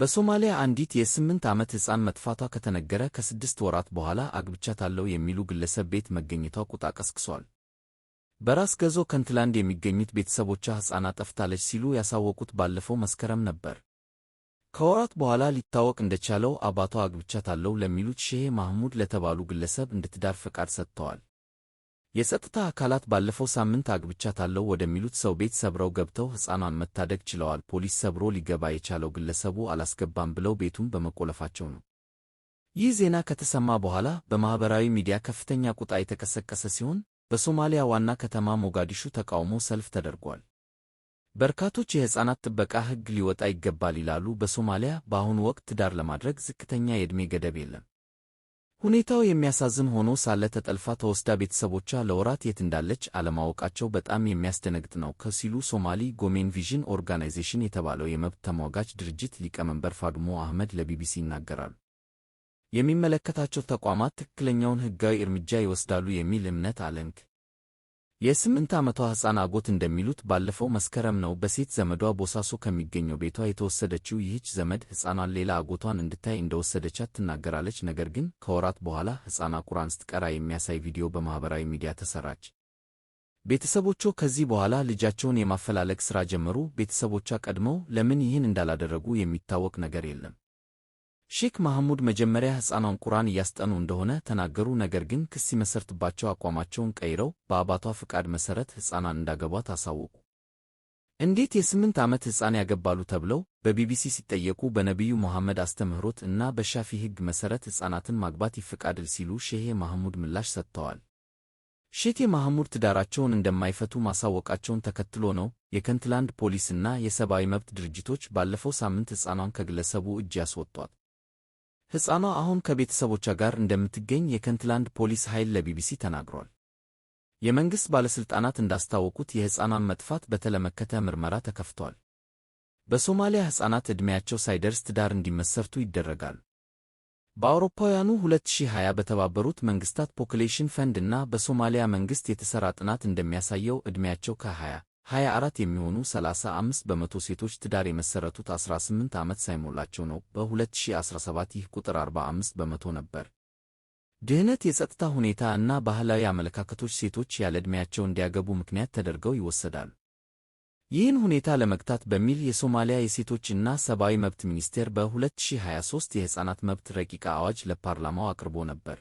በሶማሊያ አንዲት የስምንት ዓመት ሕፃን መጥፋቷ ከተነገረ ከስድስት ወራት በኋላ አግብቻታለሁ የሚሉ ግለሰብ ቤት መገኘቷ ቁጣ ቀስቅሷል። በራስ ገዞ ከንትላንድ የሚገኙት ቤተሰቦቿ ሕፃና ጠፍታለች ሲሉ ያሳወቁት ባለፈው መስከረም ነበር። ከወራት በኋላ ሊታወቅ እንደቻለው አባቷ አግብቻታለሁ ለሚሉት ሼህ ማህሙድ ለተባሉ ግለሰብ እንድትዳር ፈቃድ ሰጥተዋል። የጸጥታ አካላት ባለፈው ሳምንት አግብቻታለሁ ወደሚሉት ሰው ቤት ሰብረው ገብተው ሕፃኗን መታደግ ችለዋል። ፖሊስ ሰብሮ ሊገባ የቻለው ግለሰቡ አላስገባም ብለው ቤቱን በመቆለፋቸው ነው። ይህ ዜና ከተሰማ በኋላ በማኅበራዊ ሚዲያ ከፍተኛ ቁጣ የተቀሰቀሰ ሲሆን በሶማሊያ ዋና ከተማ ሞጋዲሹ ተቃውሞ ሰልፍ ተደርጓል። በርካቶች የሕፃናት ጥበቃ ሕግ ሊወጣ ይገባል ይላሉ። በሶማሊያ በአሁኑ ወቅት ትዳር ለማድረግ ዝቅተኛ የዕድሜ ገደብ የለም። ሁኔታው የሚያሳዝን ሆኖ ሳለ ተጠልፋ ተወስዳ ቤተሰቦቿ ለወራት የት እንዳለች አለማወቃቸው በጣም የሚያስደነግጥ ነው ከሲሉ ሶማሊ ጎሜን ቪዥን ኦርጋናይዜሽን የተባለው የመብት ተሟጋች ድርጅት ሊቀመንበር ፋድሞ አህመድ ለቢቢሲ ይናገራሉ። የሚመለከታቸው ተቋማት ትክክለኛውን ሕጋዊ እርምጃ ይወስዳሉ የሚል እምነት አለንክ የስምንት ዓመቷ ሕፃን አጎት እንደሚሉት ባለፈው መስከረም ነው በሴት ዘመዷ ቦሳሶ ከሚገኘው ቤቷ የተወሰደችው። ይህች ዘመድ ሕፃኗን ሌላ አጎቷን እንድታይ እንደወሰደቻት ትናገራለች። ነገር ግን ከወራት በኋላ ሕፃኗ ቁራን ስትቀራ የሚያሳይ ቪዲዮ በማኅበራዊ ሚዲያ ተሰራች። ቤተሰቦቿ ከዚህ በኋላ ልጃቸውን የማፈላለግ ሥራ ጀመሩ። ቤተሰቦቿ ቀድመው ለምን ይህን እንዳላደረጉ የሚታወቅ ነገር የለም። ሼክ መሐሙድ መጀመሪያ ሕፃኗን ቁርአን እያስጠኑ እንደሆነ ተናገሩ። ነገር ግን ክስ ሲመሰርትባቸው አቋማቸውን ቀይረው በአባቷ ፍቃድ መሠረት ሕፃኗን እንዳገቧት አሳወቁ። እንዴት የስምንት ዓመት ሕፃን ያገባሉ ተብለው በቢቢሲ ሲጠየቁ በነቢዩ መሐመድ አስተምህሮት እና በሻፊ ሕግ መሠረት ሕፃናትን ማግባት ይፍቃድል ሲሉ ሼሄ መሐሙድ ምላሽ ሰጥተዋል። ሼቴ መሐሙድ ትዳራቸውን እንደማይፈቱ ማሳወቃቸውን ተከትሎ ነው የከንትላንድ ፖሊስና የሰብአዊ መብት ድርጅቶች ባለፈው ሳምንት ሕፃኗን ከግለሰቡ እጅ ያስወጧት። ሕፃኗ አሁን ከቤተሰቦቿ ጋር እንደምትገኝ የከንትላንድ ፖሊስ ኃይል ለቢቢሲ ተናግሯል። የመንግሥት ባለሥልጣናት እንዳስታወቁት የሕፃኗን መጥፋት በተለመከተ ምርመራ ተከፍቷል። በሶማሊያ ሕፃናት ዕድሜያቸው ሳይደርስ ትዳር እንዲመሰርቱ ይደረጋሉ። በአውሮፓውያኑ 2020 በተባበሩት መንግሥታት ፖፕሌሽን ፈንድ እና በሶማሊያ መንግሥት የተሠራ ጥናት እንደሚያሳየው ዕድሜያቸው ከ20 24 የሚሆኑ 35 በመቶ ሴቶች ትዳር የመሰረቱት 18 ዓመት ሳይሞላቸው ነው። በ2017 ይህ ቁጥር 45 በመቶ ነበር። ድህነት፣ የጸጥታ ሁኔታ እና ባህላዊ አመለካከቶች ሴቶች ዕድሜያቸው እንዲያገቡ ምክንያት ተደርገው ይወሰዳሉ። ይህን ሁኔታ ለመግታት በሚል የሶማሊያ የሴቶችና እና ሰብአዊ መብት ሚኒስቴር በ2023 የሕፃናት መብት ረቂቅ አዋጅ ለፓርላማው አቅርቦ ነበር።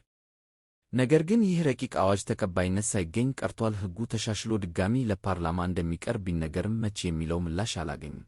ነገር ግን ይህ ረቂቅ አዋጅ ተቀባይነት ሳይገኝ ቀርቷል። ሕጉ ተሻሽሎ ድጋሚ ለፓርላማ እንደሚቀርብ ቢነገርም መቼ የሚለው ምላሽ አላገኝም።